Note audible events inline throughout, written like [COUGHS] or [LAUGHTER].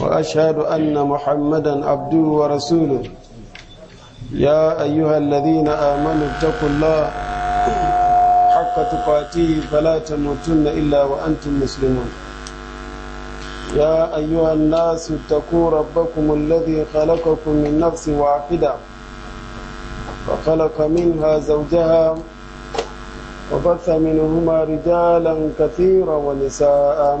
وأشهد أن محمدا عبده ورسوله يا أيها الذين آمنوا اتقوا الله حق تقاته فلا تموتن إلا وأنتم مسلمون يا أيها الناس اتقوا ربكم الذي خلقكم من نفس واحدة وخلق منها زوجها وبث منهما رجالا كثيرا ونساء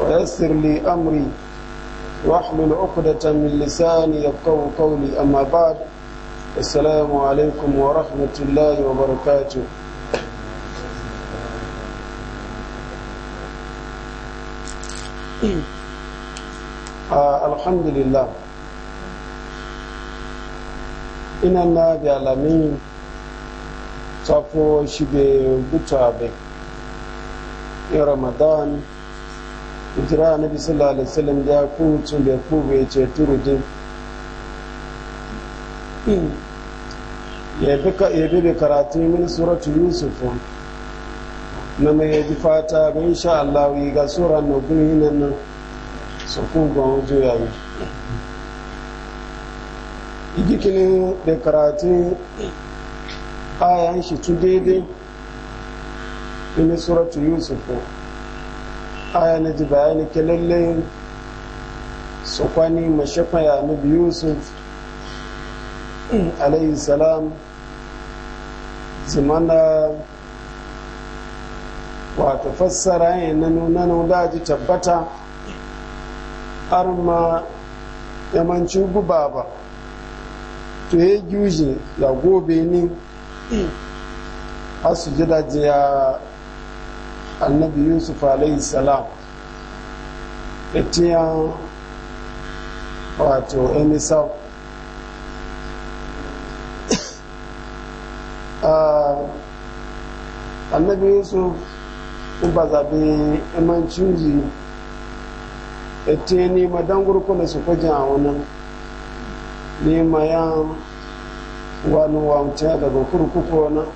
ويسر لي أمري واحلل عقدة من لساني يفقه قولي أما بعد السلام عليكم ورحمة الله وبركاته الحمد لله إن bi alamin تفوش shibe gutabe يا رمضان ijira na bisallah alisalam da kowace da kowace ya ce turudin ya da karatu min suratu yusuf na mai ya ji fata bai sha Allah yi ga sura na gini nan nan su kun ga wajo ya yi igikilin da karatu ayan shi tu daidai min suratu yusuf aya na ji bayani ke lalle su kwani mashafa ya nabi yusuf [CLEARS THROAT] alayhi salam zimana wato fassara yi na nuna nuna ji tabbata har ma yamanci guba ba to ya gyuji ya gobe ni a [CLEARS THROAT] su ji da ya annabi yusuf alayhi salam etiyan wato emisau ah, annabi yusuf ba zaɓe imancin ji ete ni madan gurkuna su kwaje a wannan ni ma yan wani wamce daga kurkuku wannan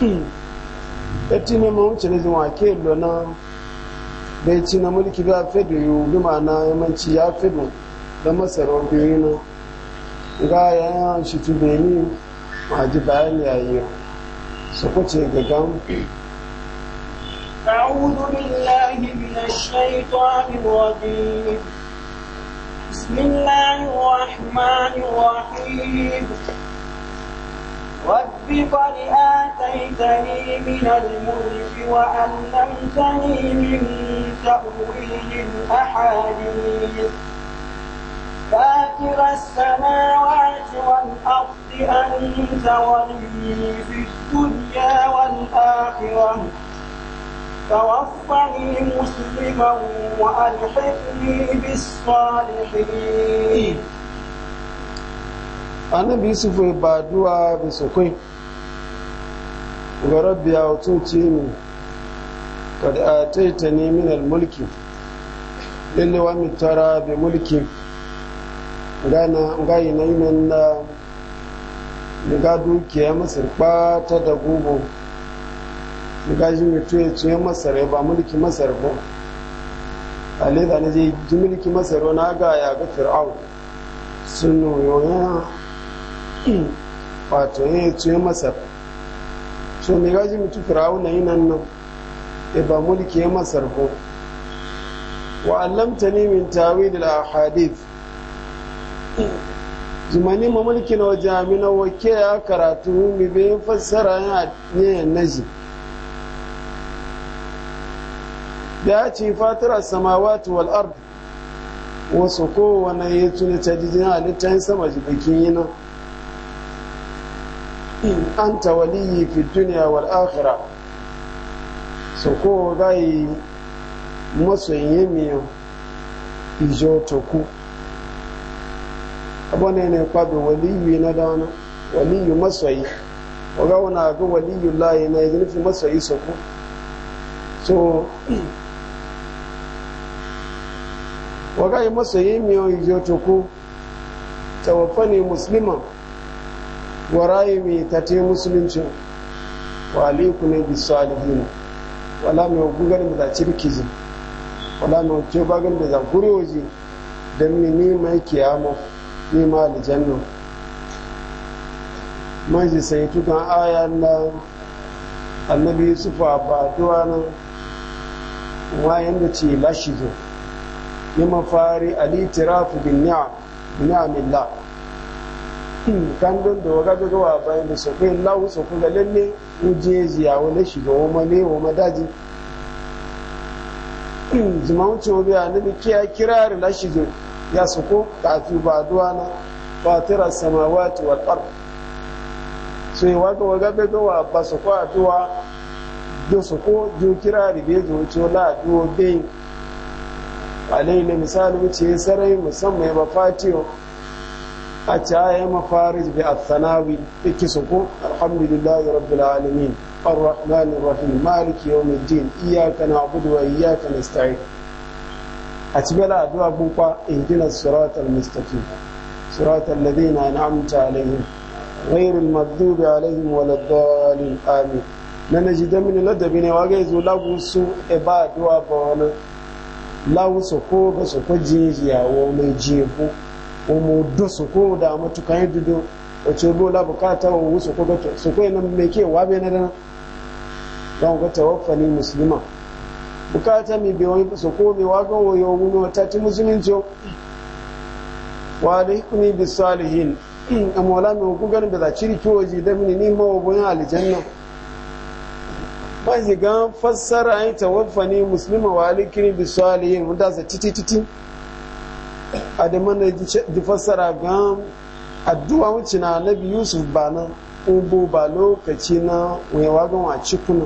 hmm. eti ne mu wuce ne zuwa ke lona bai ci na mulki ba fedu yu e bi ma'ana yamanci ya fedu da masarar biyu na ga ya shi tu beni ma ji bayani a su kuce gagan أعوذ بالله من الشيطان الرجيم بسم الله الرحمن الرحيم رب قد آتيتني من الملك وعلمتني من تأويل الأحاديث فاتر السماوات والأرض أنت ولي في الدنيا والآخرة توفني مسلما وألحقني بالصالحين annabi yusuf ba duwa bi su kai ga rabbi ya wato ce ni kad taita ne min al mulki lalle wa mitara bi mulki gana gayi na yinan na daga dukiya masar ba da gugu ga ji mutu ya ce masar ba mulki masar ba alai na ji mulki masar wani aga ya ga fir'au sun yoyon wato ya ce masar so mai gaji mutu firawuna yi nan nan e ba mulki ya masar ko wa allamta ne min tawi da al-hadith zumani ma mulki na waje na wake ya karatu mi bai fassara ya ne naji da ya ce a samawati wal ard wasu kowane ya tuni ta jijin halittar sama jibakin yi nan anta waliyi fi duniya wal akhira so ko gai masoyin yemiyo ijo toku abone ne kwabe waliyu na dana waliyu masoyi oga wana ga waliyu layi na yanzu nufi masoyi soku so waga yi masoyi yemiyo ijo toku tawafani musliman warayi mai tate musulunci wa aliku ne bi salihin wala mai ganin da zaci rikizi wala mai hukun ganin da za kuri waje don mi ni mai kiyama ni ma aljanna man ji sai tukan aya na annabi yusufu ba duwa nan wayan da ce lashi zo ni mafari alitirafu bin ni'a bin la. kan don da waga gaga wa bayan da su kai lawu su ku ga lalle uje ziya wani shiga wama ne wama daji zuma wuce wa biya na kiya kirari na shiga ya su ko kafi ba duwa na fatira samawati wal ard so yi waga waga gaga wa ba su ko aduwa da su ko jo kirari bai zo wuce wani aduwa bai alai ne misali wuce sarai musamman ya ba أتاهي مفارج بالثناوي إكسكو الحمد لله رب العالمين الرحمن الرحيم مالك يوم الدين إياك نعبد وإياك نستعين أتبلا أدوى بوقا إهدنا الصراط المستقيم صراط الذين أنعمت عليهم غير المذوب عليهم ولا الضالين آمين ننجد من الأدبين وغيزوا لغسوا إباد وابانا لغسوا كوبا سكو جيجيا ومجيبوا umudu soko da matukan yidudu wace bola bukata wa wusu ko gato soko yana mai ke wabe na dana don ga tawaffani musulma bukata mai bai wani soko mai wagon yau wani wata ti musulunci wa hikuni bi salihin a mawala mai ganin da za ciri kiwo ji da mini nima wa buyan alijanna ba shi gan fassara an yi tawaffani musulma wa alikini bi salihin wanda za titi titi a da mana di fassara ga addu'a wuce na nabi yusuf ba na ubu ba lokaci na wayawa wa wace kuna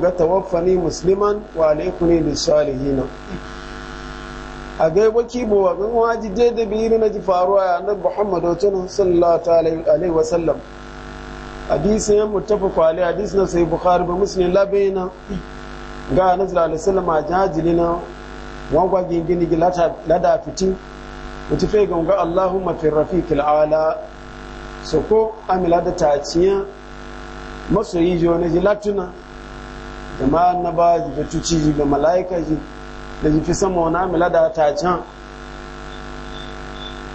ga tawaffani musliman wa alaikuni da salihina a ga waki bo wa gan waji da biri na ji faruwa ya annabi muhammad wato sallallahu alaihi wa sallam hadisi ya mutafa kwale hadisi na sai bukhari ba muslim labena ga annabi sallallahu alaihi wa sallam a jajilina wangwa gingini gi lada fiti mutu fe gonga mafi fi rafiqil ala so ko amila da masoyi jo ne ji latuna da ma na ba ji da tuci ji da malaika ji da ji fi sama wani amila da taciya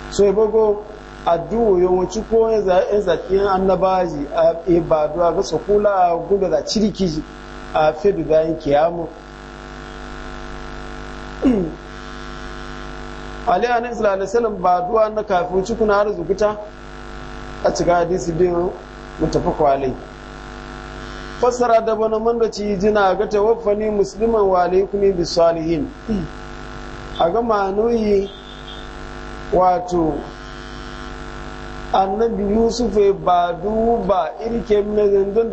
so yi bago addu'o yawanci ko ya zaki annabaji a ibadu e a ga sokula gudu da ciriki a fedu bayan kiyamu [CLEARS THROAT] ali anan sallallahu alaihi ba duwa na kafin cikin har zukuta a cika hadisi din mutafaqu alai fassara da bane mandaci da jina ga ta tawaffani musliman wa alaikumi da salihin a ga manuyi wato annabi yusuf ba ba irke mina don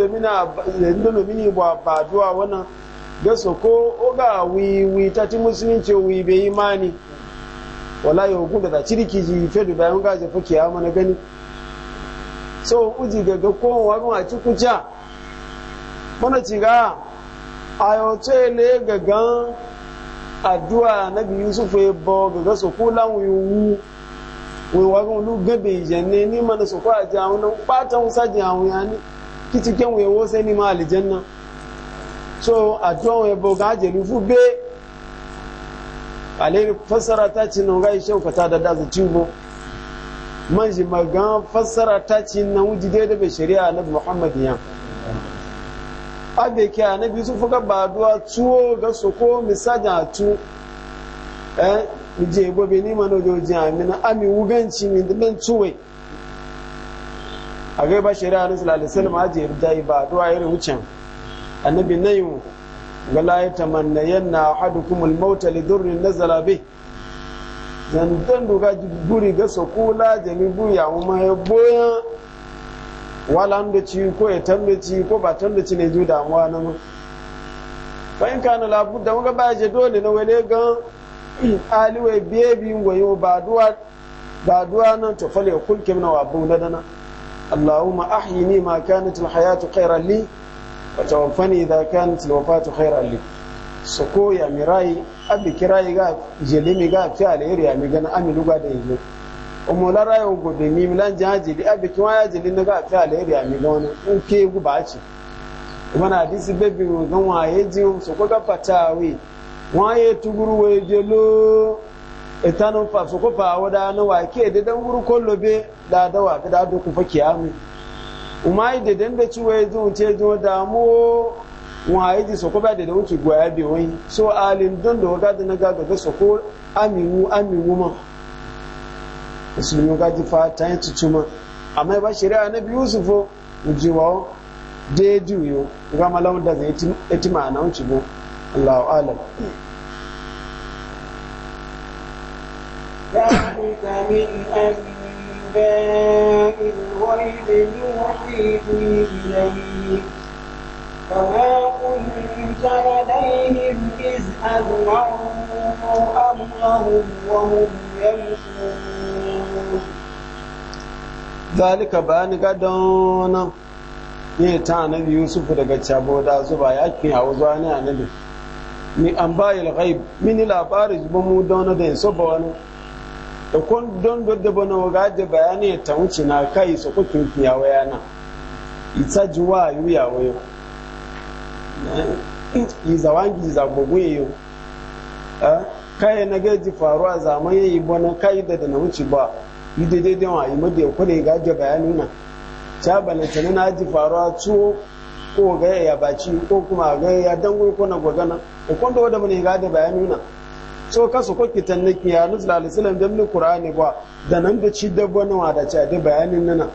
domini ba ba duwa wannan ga soko oga wiwi ta ti musulunci wi bai imani wallahi hukun da ta ciriki ji fedu bayan ga je fuke ya mana gani so uji gaga ko wa ko a cikin ja mana ci ga ayo ce ne gaga addu'a nabi yusuf ya bo gaga soko lan wiwu wi wa ko lu gabe janne ni mana soko a ja wannan patan sajin awuya ni kitiken wewo sai ni ma aljanna so a tuwon yabo ga ajiyar fube alheri fassara ta ce na ga ishe kwata da dazu cibo man shi magan fassara ta ce na wuji daidai bai shari'a na muhammad yan abe ke anabi su fuka ba duwa tuwo ga su ko a tu eh je gobe ni mana joji amina ami wuganci min dan tuwe a gaba shari'a na sallallahu alaihi wasallam aje irjayi ba duwa irin wucin annabi na ga la ya tamanna yana haɗu kuma maut lidurri na zarabe bi dan guri ga sokola jamibu ya umma ya boya wala da ci ko ya tambe ci ko ba tambe ci ne ju damuwa na mu fa in kana la budda mun ba dole na wale ga [CLEARS THROAT] aliwe bebi ngoyo ba duwa ba duwa nan to fale kulkin na wabu na dana allahumma ahyini ma kanat hayatu khayran li watawaffani idha kanat alwafatu khairan li so ko ya mirai abi kirai ga jelimi ga fi alheri ya mi gana amilu luga da yiwu omo la rayo go be mi lan jaji di abi kiwa ya jeli ga fi alheri ya mi gona in ke gu ba ci kuma na hadisi bebi mu gan waye ji so ko ga fatawi waye tuguru we jelo etanu fa so pa fa wada na wa ke de dan guru kollobe da dawa da da ku fa kiyami uma yi dede ndo ci wai dun ce dun da mu wa yi di soko ba dede wuce goya bi so alim don da waga da naga ga soko amiwu amiwu ma musulmi ga ji fa ta yin ma amma ba shari'a na biyu su fo ujiwa deji yo ga malawun da zai etima na wuce go Allahu alam ذلك من أمر أنباء الغيب يوحيه إليك وما كنت لديهم إذ أمرهم وهم يمشون ذلك بان قدونا ne ta annabi yusuf daga cabo da zuba yakin hawa zuwa ne annabi ni an bayil ghaib mini labari zuba mu da ba wani da kon don da bana waga da bayani ta wuce na kai su ku kin kiya waya na ita juwa yu ya wayo yi eh, zawangi za gogo yo a eh, kai na ga ji faruwa zaman yayi bana kai da da na wuce ba yi daidai da wa yi mada ku ne ga da bayani na ta bana ta na ji faruwa tuwo ko ga ya baci ko kuma ga ya dango ko na gogana ko kon da bana ga da bayani na so kaso ko ta nake ya nusul alisalam dan ni qur'ani ba da nan da ci dabba na wada ci da bayanin nana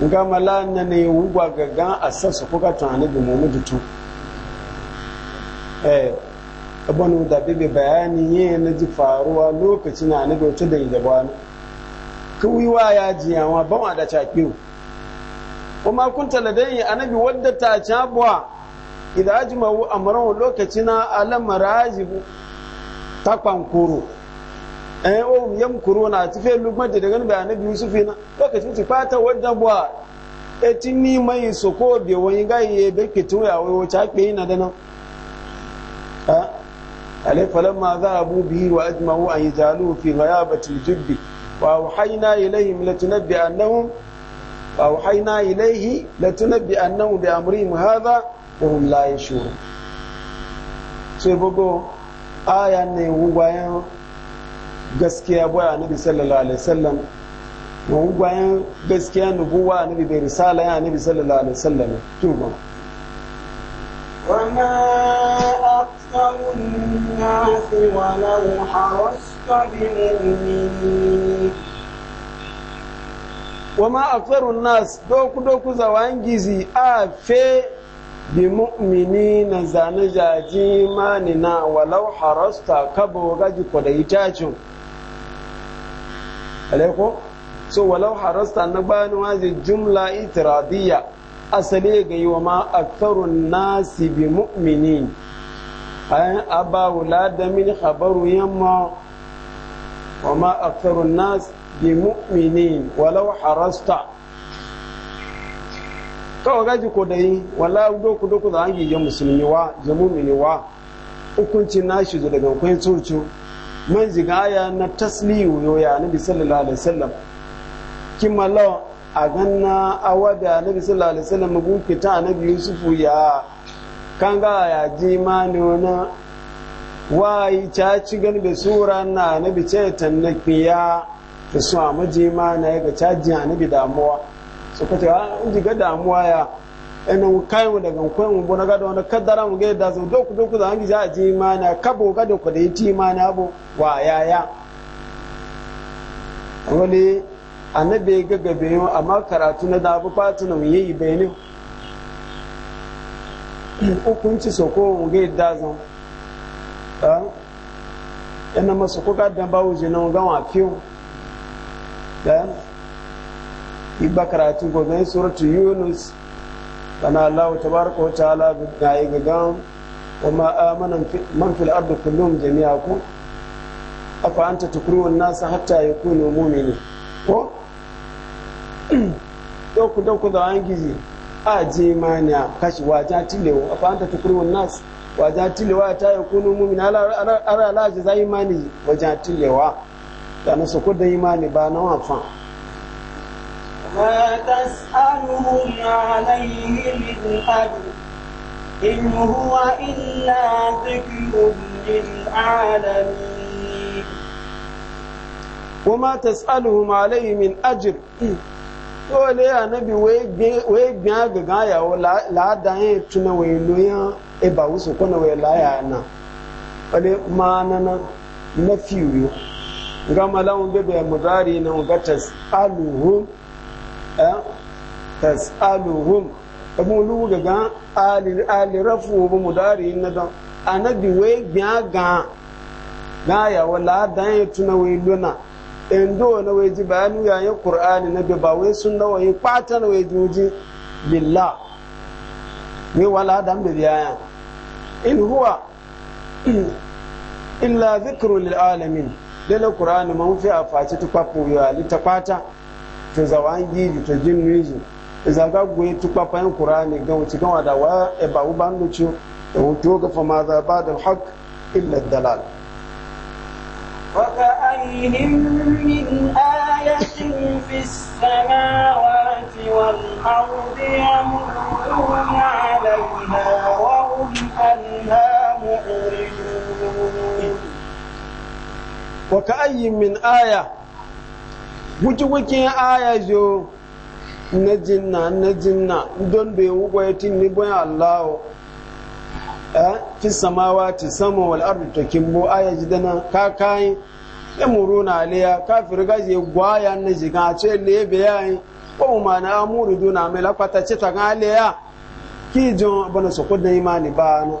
ga mala na ne wugwa gaga sassa ko ka tunani bi mu mutu eh abanu da bibi bayani ye na ji faruwa lokacin na nabi wata da ni bani wa ya jiyawa ban wada ci kiwo kuma kunta ladai annabi wadda ta ci abuwa idan ajma'u amran lokacin na alamarajibu Takwankuru. ɗan eh, ohun yan kuro na ti fe lukman da daga yusuf na lokacin ti fata wadda buwa eti eh, ni mai so wani gayi ya be kitu ya wai wace akpe yana da nan eh, alai falamma za a wa fi wa wa bi aya ne bayan gaskiya baya nabi sallallahu alaihi wasallam wani bayan gaskiya nubuwa nabi bai risala ya nabi sallallahu alaihi wasallam kin ba وما أكثر الناس ولو حرصت Wama وما أكثر doku-doku, دوك a fe bi mu'mini na zane jaji mani na walau harasta kabo gaji kwadai tacin alaiko so walau harasta na bani wazi jumla itiradiyya asali ga yi wa ma aktarun nasi bi mu'mini ayan aba wula da min habaru yamma wa ma aktarun nasi bi mu'mini walau harasta kawo gaji ko dai wala doku doku za yi ya musulmi wa ya mumini wa hukuncin nashi zo daga kwan tsoci man jigaya na tasliyu yo ya nabi sallallahu alaihi wasallam mallo a ganna awa da nabi sallallahu alaihi wasallam gun kita nabi yusufu ya kanga ya ji mani wani wai ta ci galbe sura na nabi ce tannakiya da su amaji majima na ga caji a nabi damuwa suka ce a in jiga damuwa ya ɗan kayan mu daga kwayan mu bona gada wani kaddara mu gaya da zo doku doku da hangi za a ji mana kabo gada ku da yi ti mana abu wa yaya wani annabi ya gaga bayan amma karatu na da fatina mu yi bayanin hukunci soko mu gaya da zo ɗan masu kuka dan bawo jinan gawa fiyo ba karatu gobe suratu yunus bana allahu tabaraka wa ta'ala ga yi gan wa ma amanan man fil ardi kullum jami'a ku afa anta tukuru nasa hatta yakunu mu'mini ko to [CLEARS THROAT] ku ku da an gizi a je mani a kashi waja tilewa afa anta tukuru nasa waja tilewa ta yakunu mu'mini ala ala ala zai imani waja tilewa su ku da imani ba na wafan ما تسألهم عليه من أجر إن هو إلا ذكر للعالمين وما تسألهم عليه من أجر Ole ya nabi wee gbin agaga ayawo laadayin tuna wee loyan eba wusu kona wee laya na ma'anana na gama lamun bebe mudari na aluhu. tas'aluhum abun lu daga ali ali rafu bu mudari na da anabi we gyaga ga ya wala dan ya tuna we luna endo na we ji bayanu ya yin qur'ani na ba we sunna we yin pata na we juji billah we wala dan bi ya in huwa [CLEARS THROAT] illa dhikru lil alamin dala qur'ani mun fi afaci tukwafu ya li kwata. zawa zawangi gidi ta jin nizu iza e ga goyi tukpa fayin qur'ani ga wuce kan wada wa e ba ban lucu da e wuto ga fama za ba da haq illa dalal وكأيهم من آية في السماوات والأرض يمرون عليها وهم عنها وكأي من آية wuce wukin aya zo na jinna na jinna don bai wuko ya tin ni bayan allahu a e, fi samawa ti samun wal ta kimbo aya ji dana kakai ya e muru na aliya kafir gaji ya gwaya na jiga a ce lebe yayin ko e. ma na amuru duna mai lakwata ce ta aliya ki su kudin imani ba no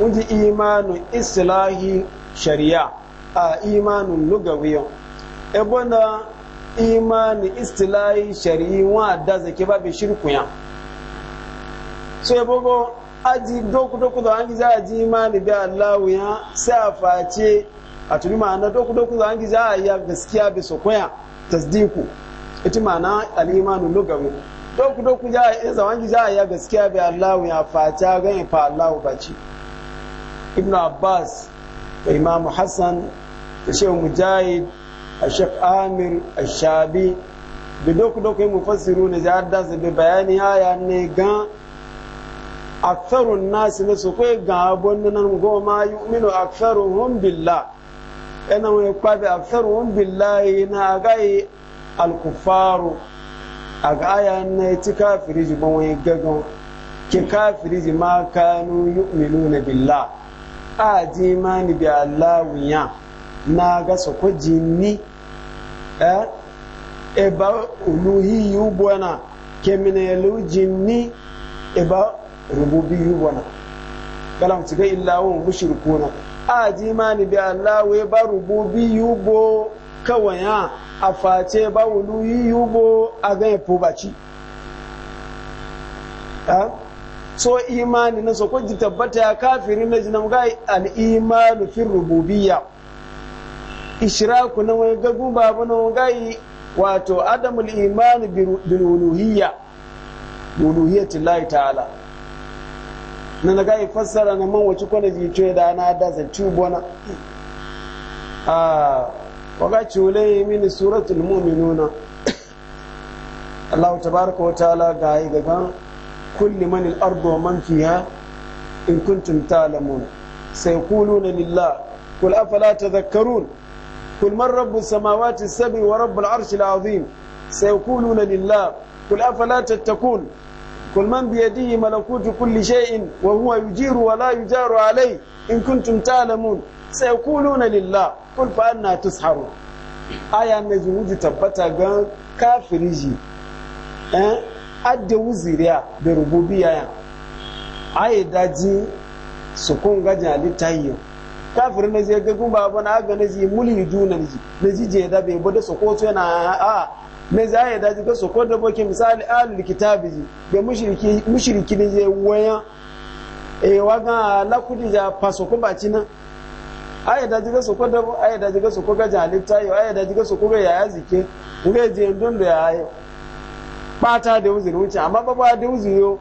unji imanin islahi shari'a a imanun lugawiyo ebona imanin istilahi shari'i wa da zake babu shirkuya so ebogo aji doku doku da hangi za a ji imani bi Allahu ya sai a face a tuni ma'ana doku doku da hangi za a yi gaskiya bi sokoya tasdiku ita ma'ana al'imanu lugawi doku doku za a yi za za a ya gaskiya bi Allahu ya face ganin fa Allahu ce ibn abbas da Imam hassan da shehu mujahid a shek amir a shabi da doku-doku mu fassiru na jihar da su bayani haya ne gan aktharun nasi na su kai ga abun nan goma yi, yu'minu aktharuhum billah ina mai kwabi aktharuhum billahi na gai alkufaru a ga aya na ci kafiri ji ban wani gagan ke kafiri ji ma kanu yu'minuna billah a ji imani bi Allah na ga su ku jinni eh eba uluhi yubwana na lu jinni eba rububi yubwana kalam tiga illa wa mushrikuna a ji imani bi Allah we rububi yubo kawaya a face ba uluhi yubo a ga fubaci e eh so imani na so ko tabbata ya kafirin na jinam ga al-imanu fi rububiyya ishraku na wai gagu babu na gai wato adamul imani bil uluhiyya uluhiyyati llahi ta'ala na na gai fassara na man wace kwana ji ce da na da ci bona a ah, waga cule mini suratul mu'minuna [COUGHS] Allah tabaraka wa ta'ala ga yi gagan كل من الأرض ومن فيها إن كنتم تعلمون سيقولون لله قل أفلا تذكرون قل من رب السماوات السبع ورب العرش العظيم سيقولون لله قل أفلا تتقون قل من بيده ملكوت كل شيء وهو يجير ولا يجار عليه إن كنتم تعلمون سيقولون لله قل فأنا تسحرون آية نجم تبتا كافرجي أه؟ adda wuziriya da rububiya ya ayi daji su kun gaji halitta yau kafir na je gagun babu na aga na ji muli juna ji na ji je da bai bada su kotu yana a na ji ayi daji ga su ko da boke misali alul kitabi ji da mushriki mushriki ne je wayan e waga la kudi ja faso ko baci na ayi daji ga su ko da ayi daji ga su ko gaji halitta yau ayi daji ga su ko ga yaya zike ngai je don da yayi kpata da uzuri wuce amma baba da uzuri yo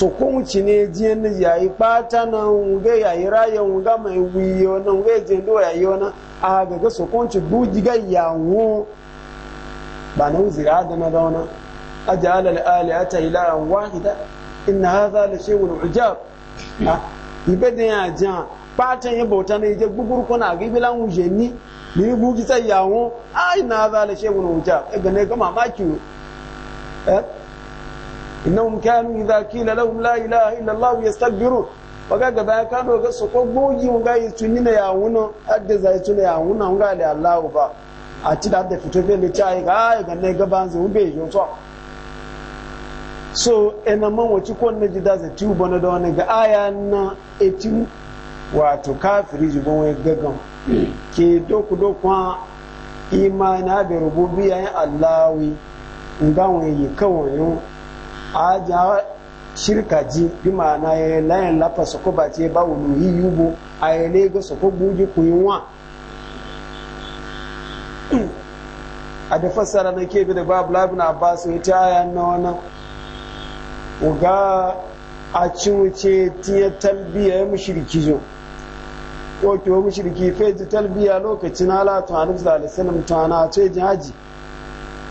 na ko ya ne jiyan na yayi kpata na nga yayi rayan mai na nga je ndo ya ona a ga ga so ko jiga ga yawo ba na uzuri adana da ona ajala al alihata ilahan wahida inna hadha la shay'un ujab ibede ya jan kpata yin bauta na ije ni na ujab Eh? innahum kanu idza qila lahum la ilaha illa allah yastakbirun waga gaba kano ga su ko gogi ga yi tuni na ya wuno adda zai tuni ya wuno ga da allah ba a ci da da fito fe so so ena man waci ko na jida za ti na da wani ga aya na etin wato kafiri jibon wai gagan hmm. ke doku dokwa imani abin rububiyan allawi nga kawon kawai a ja shirka ji bi ma na ya layan lafa su ko ba ce ba wani yi bu a yi lega su ko ji ku yi wa a [CLEARS THROAT] da fassara na ke bi da babu labin abbasu ya ta aya na wani uga a cin wuce tiye talbiya ya mushirki jo ko ki wa mushirki fai ji talbiya lokacin halatu a nufsa alisalam tuwana a ce jihaji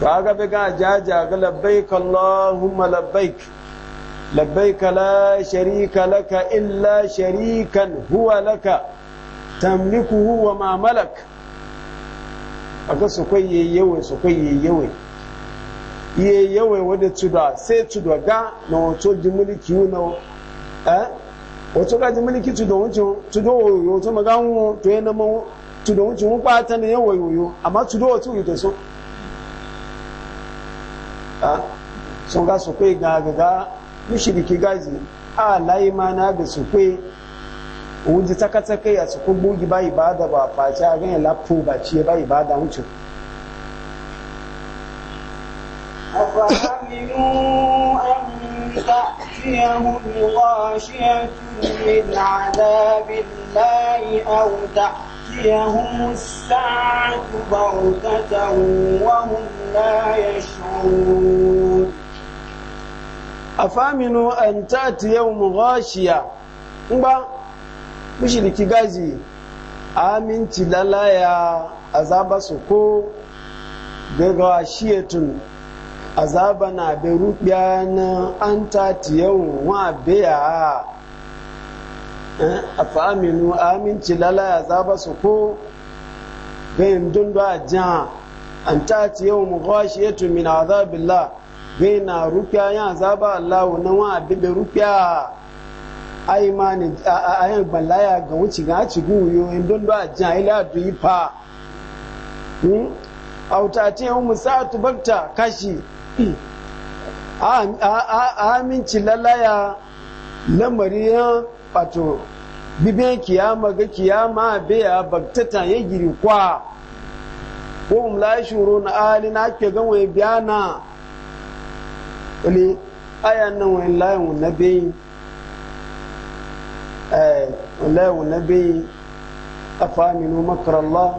to aga be ga jaja ga labbaik allahumma labbaik labbaik la sharika laka illa sharikan huwa laka tamlikuhu huwa ma malak aga su kai yayyawe su kai yayyawe iye yawe wadda tuda sai tuda ga na wato ji mulki na eh wato ga ji mulki tuda wucin tuda wato magan to yana ma tuda wucin pa ta yawa yawe yoyo amma tuda wato yi da so sun ga su kai gagaga mushiriki gaji a layi mana da su kai wuji tsaka a cikin bugi ba ibada ba face a ganin ba ce ba ibada wucin تأتيهم غاشية من عذاب الله أو تحت تأتيهم الساعة بغتة وهم لا يشعرون أفامنوا أن تأتي يوم غاشية مبا مشركي غازي آمين تلالا يا أزابا سكو بغاشية أزابنا بروبيان أن تأتي يوم an Eh, a fa'aminu aminci lalaya za ba su ko gayin dundu a jiha an ta ci yau mu kwashi ya tumi na azabila gayi na rufiya ya azaba allahu na wa abin da rufiya a yi mani a yi balaya ga wuce ga ci guyo in dundu a jiha ila du yi fa hmm? a wuta ce yau mu sa tubarta kashi [CLEARS THROAT] a aminci lalaya lamari ya wato bibe kiyama ga kiyama biya baktata ya giri kwa ko mla shuru na ali na ke ga wai biyana ali ayan nan wai la yun nabi eh la yun nabi afaminu makra allah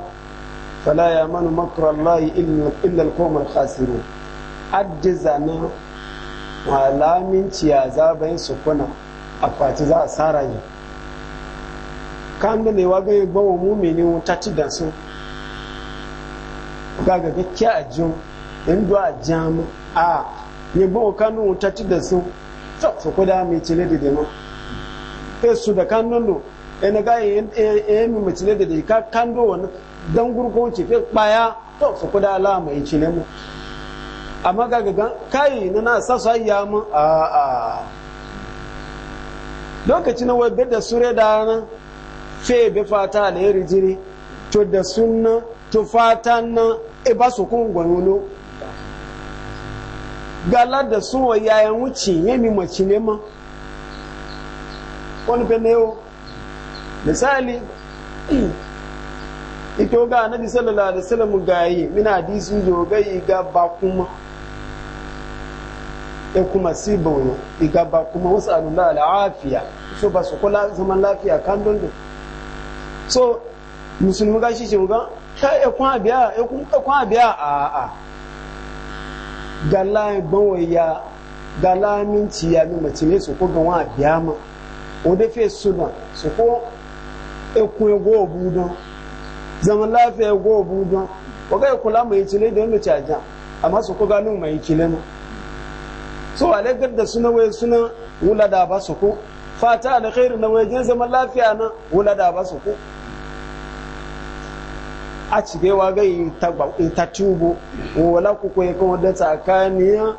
fala yamanu makra allah illa al-qawm al-khasirun ajjazana wa lamin ciya zabayin sukuna akwati za a tsara yi kan da ne waga ya gbawa mumini wuta ci da su ga ga gaskiya a jin inda a jam a ya gbawa kanun wuta ci da su su kuda mai cile da dema kai e su da kanun lo ina e ga ya e, mi mai cile da dai ka da wani don gurgun ce fi baya to su kuda ala mai cile mu amma ga ga kai na na sasa ya mu a a lokacin na wai da sure da nan fe bi fata alheri jiri to da suna to fata na e ba su kun gwanulo gala da sun yayan wuce ya mi mace ne ma wani fe ne misali ito ga annabi sallallahu alaihi wasallam gayi mina hadisi jo gayi ga bakuma ya kuma si bono iga ba kuma wasu alula al'afiya so ba su kula zaman lafiya kan don so musulmi ga shi shiga ta ya kun abiya ya kun kun abiya a a gala gbawaya ya mi mace ne su ko ga wa abiya ma o da fe suna su ko ya kun ya go budon zaman lafiya ya go budon o ga kula mai cile da yadda cajan amma su ko gano mai kile ma so a lagar da suna waye suna wula da ba su ko fata da khairu na wajen zaman lafiya na wula da ba su ko a cibewa ga yi ta tubo wala ku ko ya kawo da tsakaniya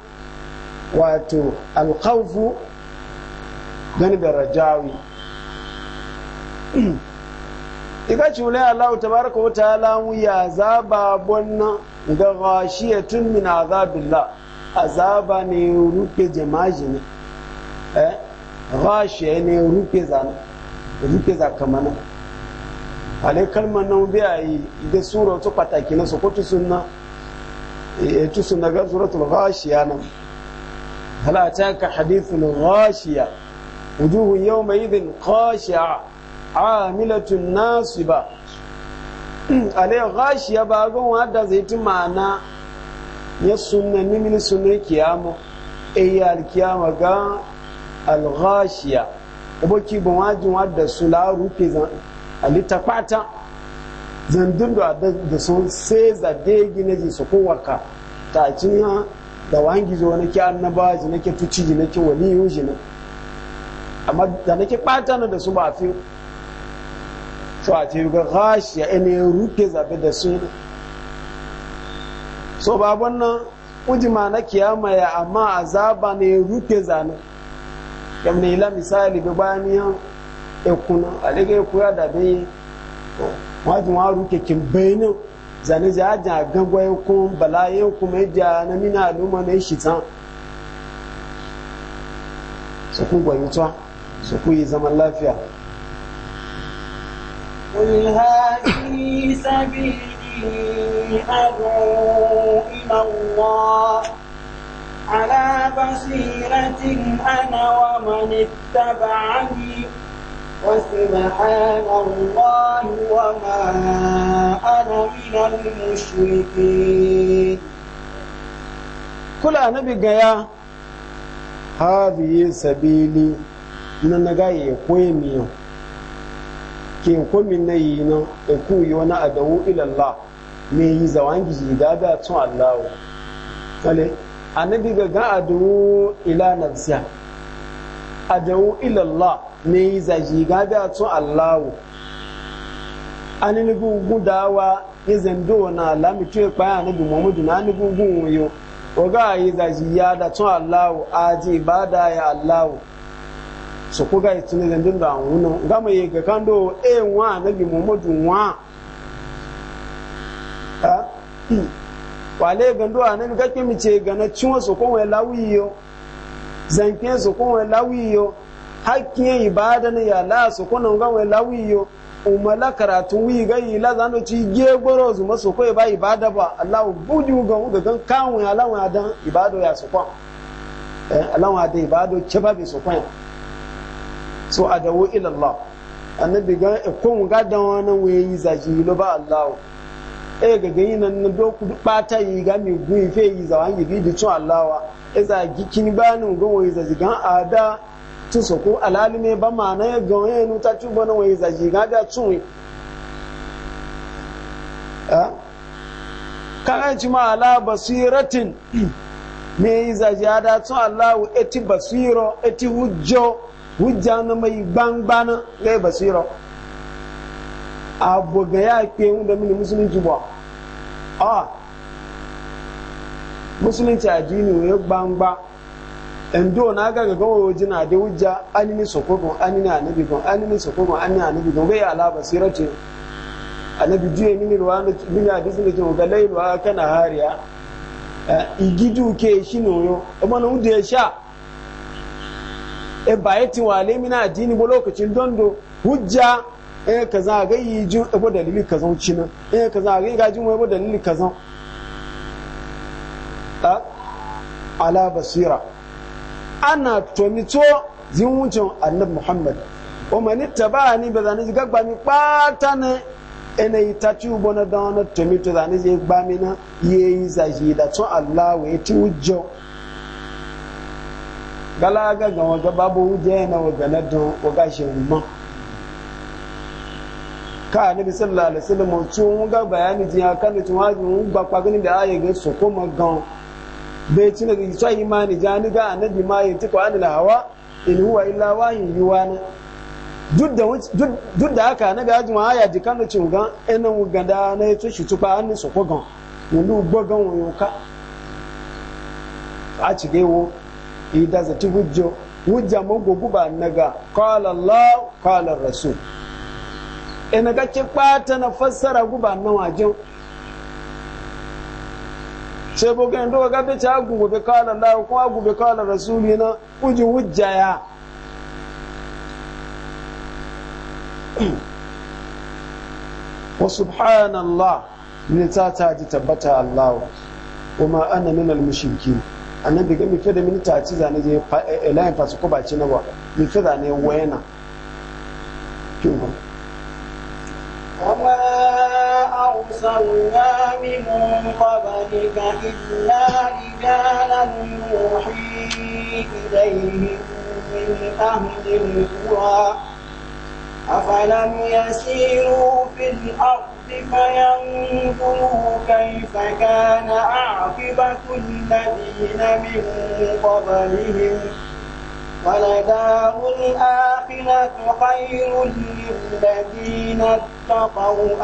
wato alkhawfu gani da rajawi iga wule Allah tabaraka wa ta'ala ya zaba bonna ga ghashiyatun min azabillah azaba ne rufe jamaji ne eh rashe ne rufe zana rufe za kama nan ale kalmar nan biya yi da sura to pataki na sokoto sunna e eh, to sunna ga suratul ghashiya nan hal ataka hadithul ghashiya wujuhu yawma idhin khashi'a amilatun nasiba [CLEARS THROAT] ale ghashiya ba gon wadda zai ti ma'ana ya sunna mimini sunna kiyama eya eh, alkiyama ga alghashiya aboki ban wajin wadda su la rufe zan alita kwata zandun da da sun sai za yi na ji su kowaka ta cin ha da wangi zo nake annaba ji ki tuci ji wani waliyu ji na amma da na ki kwata na da su ba fi so a ce ga ghashiya ene rufe zabe da su so baban nan ujima na kiyama ya amma azaba ne zane zana yamna ila misali bi baniyan ekuna alega ekuya da be wajin wa ruke kin bayanin zane ji aja gangwa ekun balaye kuma ja na mina aluma na shitan su ku gwayuta su ku yi zaman lafiya قل هذه سبيلي أدعو إلى الله على بصيرة أنا ومن اتبعني وسبحان الله وما أنا من المشركين كل أنا بقيا هذه سبيلي من نجاي قويمي ke komi na yi na da ku yi wani adawu ilallah me yi zawan gizi gaga tun allahu kale annabi ga ga adawu ila nafsiya adawu ilallah me yi zaji gaga tun allahu anini gugun dawa yi zendo na lamitu e ya kpaya annabi muhammadu na anini gugun yo oga yi zaji ya da tun allahu aji ibada ya allahu so ko ga itune da ndin da wuno ngama ye ga kando e wa nabi muhammadu wa ha [CLEARS THROAT] wale ga ndo anabi ga kimi ce ga na ciwo so ko wai lawiyo zanke so ko wai lawiyo hakkin ibada ne ya la so ko nan ga wai lawiyo umala karatu wi ga yi la zano ci ge goro zu maso ko ba ibada ba allah buju ga ga kan kawo ya lawa dan ibado ya so ko eh allah wa ibado ce ba bi so ko so a ila Allah annabi ga kun ga da wannan wayi zaji lo ba Allah e ga gani nan na doku bata yi ga mi gun fe yi zawan yi bi tun Allah wa e za gikin ba nun ga wayi zaji ga ada tun so ko alalime ba ma na ga wayi nu ta tu bona wayi zaji ga ga tun a kan ci ma ala basiratin [CLEARS THROAT] me yi zaji ada tun Allah eti basiro eti hujjo hujja na mai gbangba na gai basiro abu ga ya ke da mini musulunci ba a musulunci addini ya gbangba ndo na ga ga gawo waje na da hujja anini sokogon anini anabi gon anini sokogon anini anabi gon gai ala basira ce anabi juye mini ruwa mini hadisi da ke ga lailuwa kana hariya eh, igidu ke shi noyo amma na hudu ya sha e baye tin wale mina addini bo lokacin dondo hujja E, kaza ga yi jin ebo dalili kaza ci na E, kaza ga yi gajin ebo dalili kaza ta ala basira ana to zin wuce annab muhammad o man tabani ba ji gagba mi pata ne ene ita ci ubo na to na to zan ji gba mi na yi zaji da to allah we ti wujjo galaga ga waga babu wuje na waga na don waga shi umma ka annabi sallallahu alaihi wasallam tun ga bayani jiya kan tun haji mun ba kwa gani da ayi ga so ko magan bai ci na so imani ni ga annabi ma yi tiko an hawa in huwa illa wahyin yuwana duk da duk da haka na ga ajin aya jikan da cin gan ina waga da na yi tushi tupa an so ko gan mun lu gbogan wayo ka a ci gaiwo za zati hujjo hujja mo gogu ba naga qala allah qala rasul ina ga ki pata na fassara guba na ce sai boga ndo ga be ta gugu be qala allah ko gugu qala rasul ina uji hujja ya [CLEARS THROAT] wa subhanallah ne ta ta ji tabbata allah kuma ana min al mushrikin daga ga mife da minita ci zane je eh, eh, layin fasu ko baci na ba mife zane wayana kin ba وما أرسلنا من قبلك أفلم يسيروا في الأرض kai ɗayan kunkun kai tsakanin haɗa suna ɗin min ɓabaruhun kala da wuli haɗin kakairun yin da kuma yi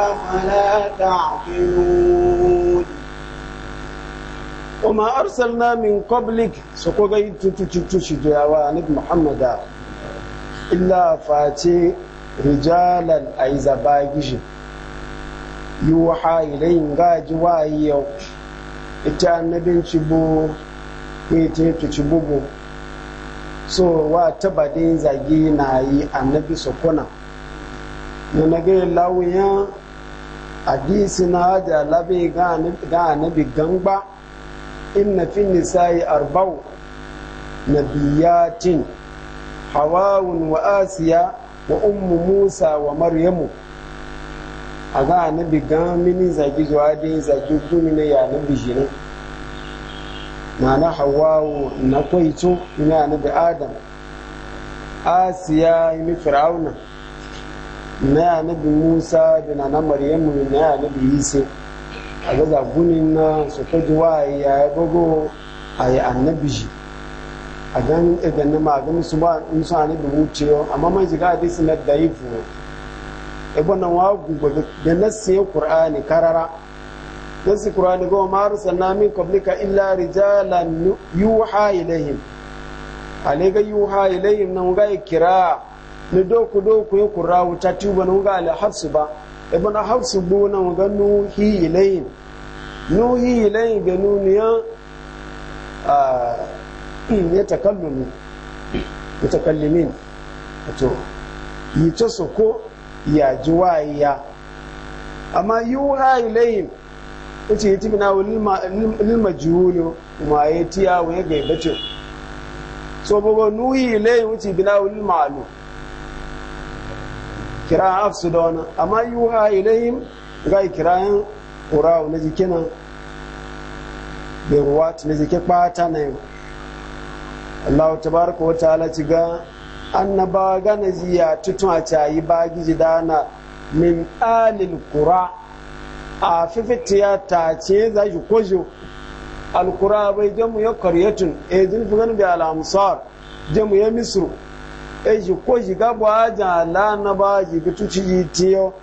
taushe da yawa a ila fati rija na ayuzaba gishin. yuha gaji wa ji yau. ita annabin cibo ita ta cibubu so wa taba yi zagi na yi annabi sokona na nage lawuya hadisi na da labe ga annabi gangba na fi nisa'i arba'u nabiyatin hawawun wa asiya wa ummu musa wa maryamu aga anabi gan mini zagi zuwa dai zagi gumi na ya anabi jirin na na hawawo na kwaito ina anabi adam asiya yi fir'auna na ya anabi musa da na na maryamu na ya anabi yise a ga zagunin na su kwaji wa ya ya gogo a yi anabiji ji a gan ɗaga na ma a ga musu ba anabi wuce amma mai jiga hadisi na daifu ibn wa gugu da nassin qur'ani karara nassin qur'ani go ma arsalna min qablika illa rijalan yuha ilaihim alega yuha ilaihim nan ga kira ni doku doku yi qur'u ta tuba nan ga al hafsu ba ibn hafsu bu nan ga nuhi ilaihim nuhi ilaihim ga nuniya a [CLEARS THROAT] ya takallumi mutakallimin to yi ta soko yaji wayiya amma yuha ilayhim yace yi bina lil majhul ma yati ya wa ga bace so bogo nuhi ilayhim yi bina lil alu kira afsu da wani amma yuha ilayhim ga yin kurawa na jikina bai ruwa na jike kpata na yau Allah tabaraka wata ala ci ga annaba gana ziya tutun a cayi bagiji dana min alil kura a fifitiya ta ce za shi kwajo alkura bai jamu ya karyatun e jin fi gani bai al'amsar jamu ya misru a e shi kwaji gabu a jala na ba shi ga tuci yi tiyo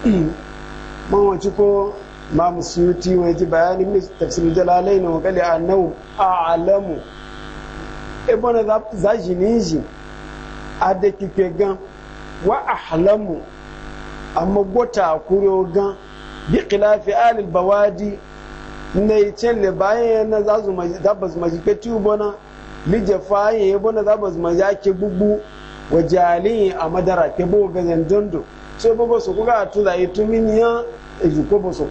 [CLEARS THROAT] mawaci ko ma musulti wai ji bayanin tafsirin jalalai na wakali a a'lamu ebona za jininji a da kike gan wa ahlamu amma gota kuro gan bi khilafi alil bawadi ne yi le bayan na za su maji tabbas maji ke tubona lije fayin ya bona tabbas maji ake gugu wa a madara ke bo gazen dondo so bo bo su tu tula itu miniya e ko bo su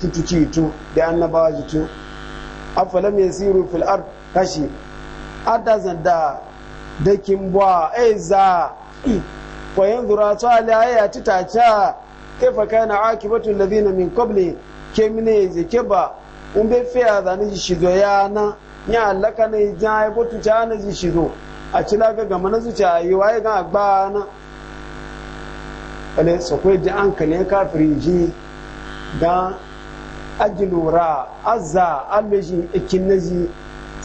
tutu ci itu da annabawa tu afalam yasiru fil ard kashi adazan da dakin bwa aiza wa yanzura ta alaya ta ke fa kana akibatu alladhina min qabli mine je keba umbe fiya da ni ya na ya allaka ne ja butu ta na ji shido a cila ga gama na zuciya yi waye ga agba na so ko da an kane kafiri ji da ajilura azza almeji ikin naji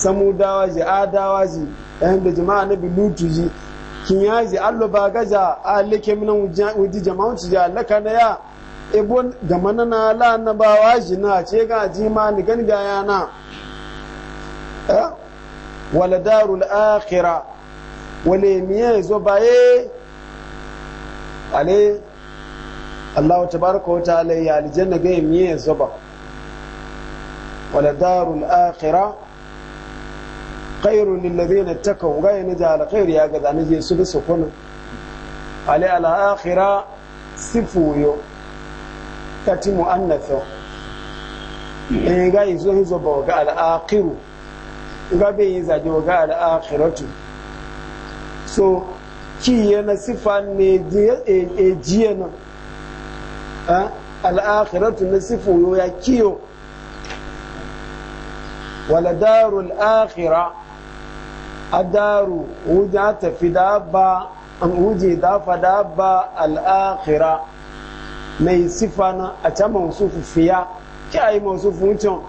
samudawa ji adawa ji ɗayan da jama'a na bilutu ji kin ya ji allo ba gaja a leke minan wuji jama'a ci ya laka na ya ebo ga manana la na ba wa ji na ce ga ji ma ni gani ga ya na wala daru akhirah wale miye zo baye ale Allah tabaraka wa ta'ala ya aljanna ga miye zo ba wala daru akhirah khairun lillazina takaw ga yana da alkhair ya ga zane je su da su kuna ali al akhira sifu yo tati muannatha eh ga izo hizo ba ga al akhiru ga be yi zaje ga al akhiratu so ki yana sifa ne e, e jiya na al akhiratu na sifu ya kiyo wala darul akhirah adaru wuja tafi dabba wuje dafa dabba al'akhira mai sifa na a can masu fiya ki a yi mausufu wucin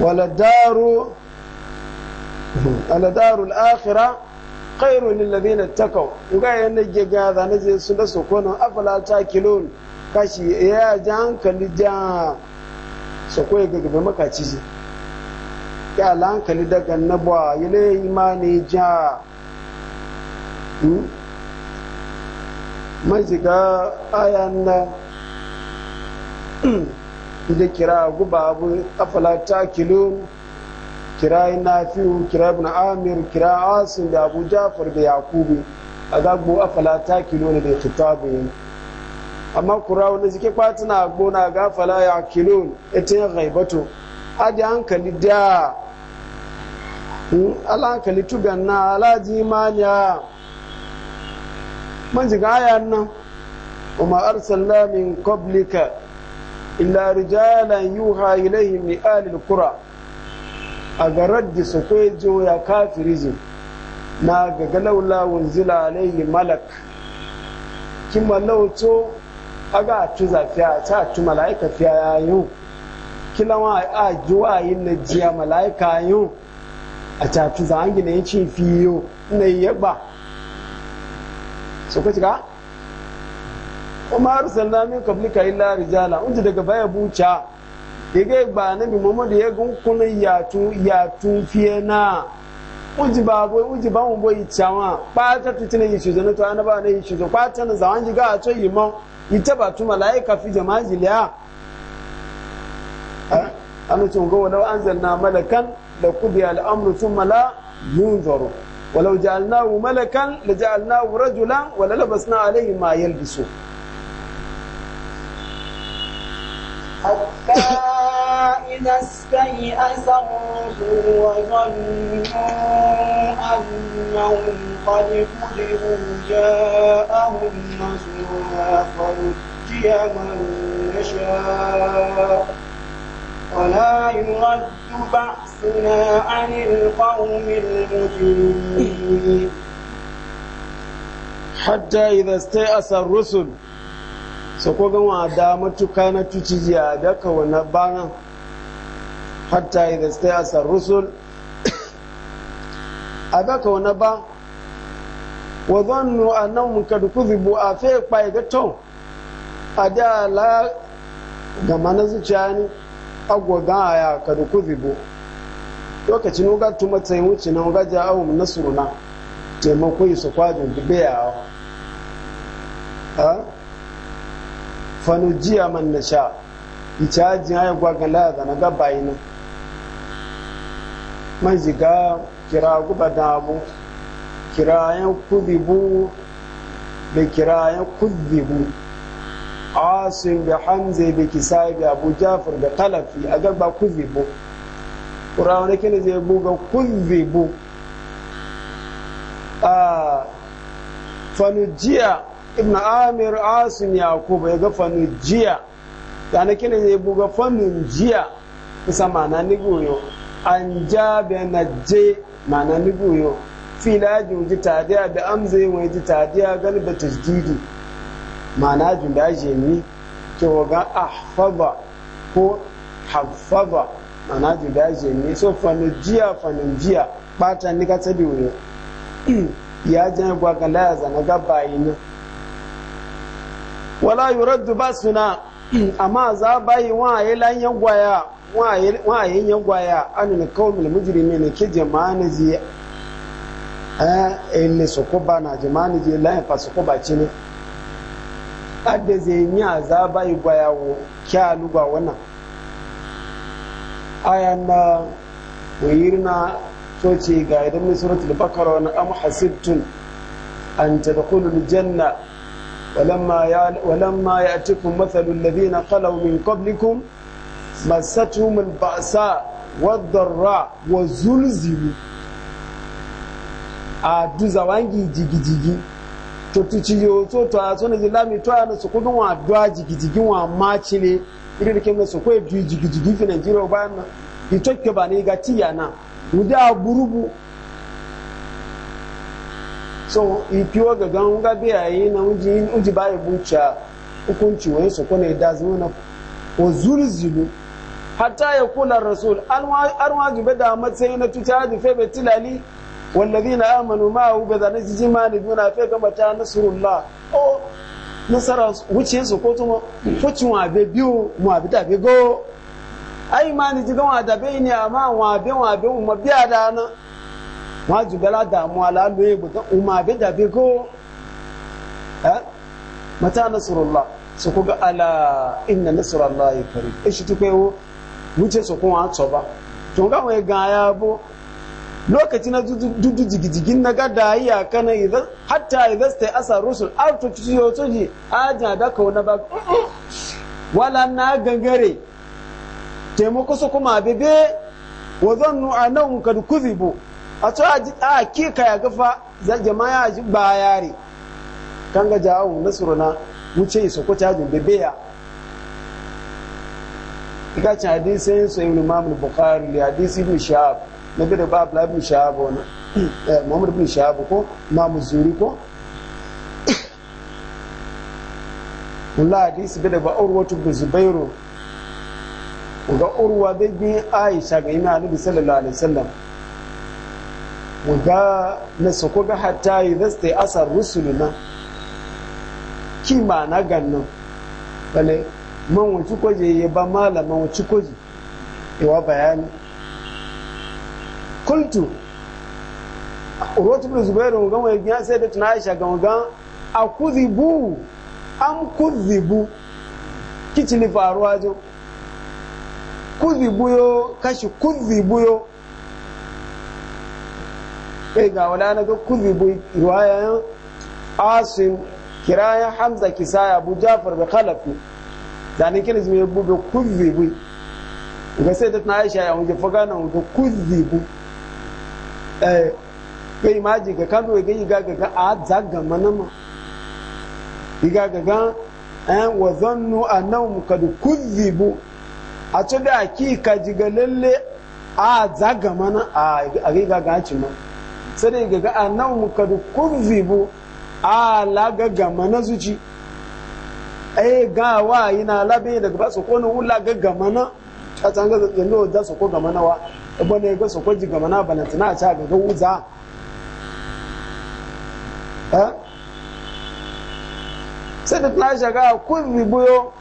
waladaru daru kairu khairu na takau ga na gaga zane su da sokonan afalata kilon kashi ya ji hankali jan so ko ga gaba makaci ji ya hankali daga nabuwa ba yile imani ja hmm? maziga ayan na da [CLEARS THROAT] kira guba abu afala takilun kira nafi'u kira ibn amir kira asin da abu jafar da yakubu a gagbo afala takilun da ya kitabu amma kurawo na jike kwati na gona na gafala ya kilon ita yin ghaibato adi hankali da hmm, ala hankali tugan na alaji manya man jiga aya nan kuma arsalna min qablika illa rijalan yuha ilaihim mai alil kura. a garar da su ya kafirizin na gagalaula wunzila alaihi malak kin mallauto aga tu zafiya ta tu malaika fiya yayin kila wa a juwa yin na jiya malaika yin a ta tu za an gina yace ci fiyo yi yaba so ku cika Umar arsalna min illa rijala unji daga baya buca daga ba nabi muhammad ya gun kunun yatu yatu fiye na uji ba boy uji ba mu boy chawa ba ta tutina yi shuzo na ana ba na yi shuzo ba ta na zawanji ga a to yi ita ba tu malaika fi jama'iliya eh, ana cin gowa lau an zanna malakan da kudiya al'amru tun mala yunzaru walau ja'alnahu malakan la ja'alnahu rajulan wala na alaihi ma yalbisu hatta إِذَا اسْتَيْأَسَ الرُّسُلُ وَظَنُّوا أَنَّهُمْ قَدْ كُذِبُوا جَاءَهُمْ نَصْرُنَا فَنُجِّيَ مَن نَّشَاءُ ولا يرد بأسنا عن القوم المجرمين hatta idan stai asar rusul su ko gama da matuka na tuci jiya hatta idza stayasa ar-rusul [COUGHS] abaka wana ba wa dhannu annahum kad kudhibu afa pa ga to adala ga manazu chani agwaga aya kad kudhibu lokacin ga tuma tsayin wuce nan ga ja awum nasruna taimako yi su kwadin bibiya a fanujiya man nasha ita ajin aya gwaga la da na ga bayina man kira guba damu kirayen kudibu da kirayen kudibu asim da hamza da kisai da abu jafar da talafi a gaba kudibu ƙurawa wani kina zai buga kudibu a ah, fanujiya ibn amir asim yakubu ya ga fanujiya da na kina zai buga fanujiya kusa ma'ana ni goyo an jabe na je mana nubuyo fila wuji tadiya da amze mai ji tadiya galiba tasdidi mana da je ni ke waga ahfaba ko hafaba mana da je ni so fanujiya fanujiya bata ni ka tabi wuyo [CLEARS THROAT] ya jan gwaga laya zana gaba yi ni. wala raddu ba suna [CLEARS THROAT] amma za bayi wa a yi lanyan gwaya wa yagwaya gwaya anil kawai mujrimi ne ke jama'ana je na ne su ko ba na jama'ana je la fa su ko ba ne adda zai yi azaba yi gwaya wo kya lugwa wannan ayan na wayirna soce ga idan min suratul bakara wani am hasibtun an tadkhulul janna ya atikun matsalin الذين خلوا من قبلكم مساتهم البأساء والضراء وزلزلوا aduza wangi jigijigi to tuci yo to to a so ne lami to a su kudin wa adwa jigijigi wa maci ne irin kin na su ko du jigijigi fi Nigeria ba na ito ke ba ne ga tiya na uda burubu so ikiwa ga gan ga biya yi na unji unji ba yi buca hukunci wani su ko ne da zuwa na ko zulzulu hatta ya kuna rasul an wajibe da matsayi na tuta da febe tilali wallazi na amanu ma'ahu ba zane jiji ma ne duna fe gama ta nasarullah o nasara wuce su ko tuma fucin wa be biyu mu abi da be go ai ma ni jigan wa da bai ni amma wa be wa be mu biya da na wajibe la da mu ala lo e buga umma be da be go eh mata nasarullah su kuga ala inna nasarallahi ya ishi e wuce su kuma a ba tun ga mai gaya bo lokaci na dudu jigijigin na gada yi a kanan idan hatta idan su ta asa rusul a tuci yau tuji ajiya da kawo na ba wala na gangare taimako su kuma bebe wa zannu a nan kad kuzibu a to a ka ya gafa za jama'a ji ba yare kan ga jawo nasuruna wuce su ko bebe ya? ikacin hadisin su ibn imam bukhari da hadisi ibn shahab na bi da ba abla ibn shahab wani [COUGHS] eh, muhammad ibn shahab ko imam zuri ko [COUGHS] wala hadisi bi da ba urwatu ibn zubairu ga urwa bai bin aisha ga ina annabi sallallahu alaihi wasallam ga na soko ga hatta yi zasta asar rusuluna kima na gannan man wace kwaje ya ba malama wace kwaje wa bayani kultu rotu bin zubairu ga mai gina sai da tuna aisha ga magan a kuzibu an kuzibu kicili faruwa jo kuzibu yo kashi kuzibu yo kai ga wala na ga kuzibu riwayayen asim kiraya hamza kisaya abu jafar da khalafi zane kene zime bube kuzibu ga sai datna aisha ya unge fagana unge kuzibu eh ga imaji ga kando ga iga ga ga a zaga manama iga ga ga an wa zannu annahum kad kuzibu a to da hakika jiga lalle a zaga mana a ga ga ci ma sai ga ga annahum kad kuzibu a la ga ga mana zuci ai eh, ga wa yana labe da ba su kono wula ga gamana ta tsanga da no da su ko gamana wa ba ne ga su ko ji gamana balantana a ca ga ga wuza ha eh? sai da tana shaga kun ribuyo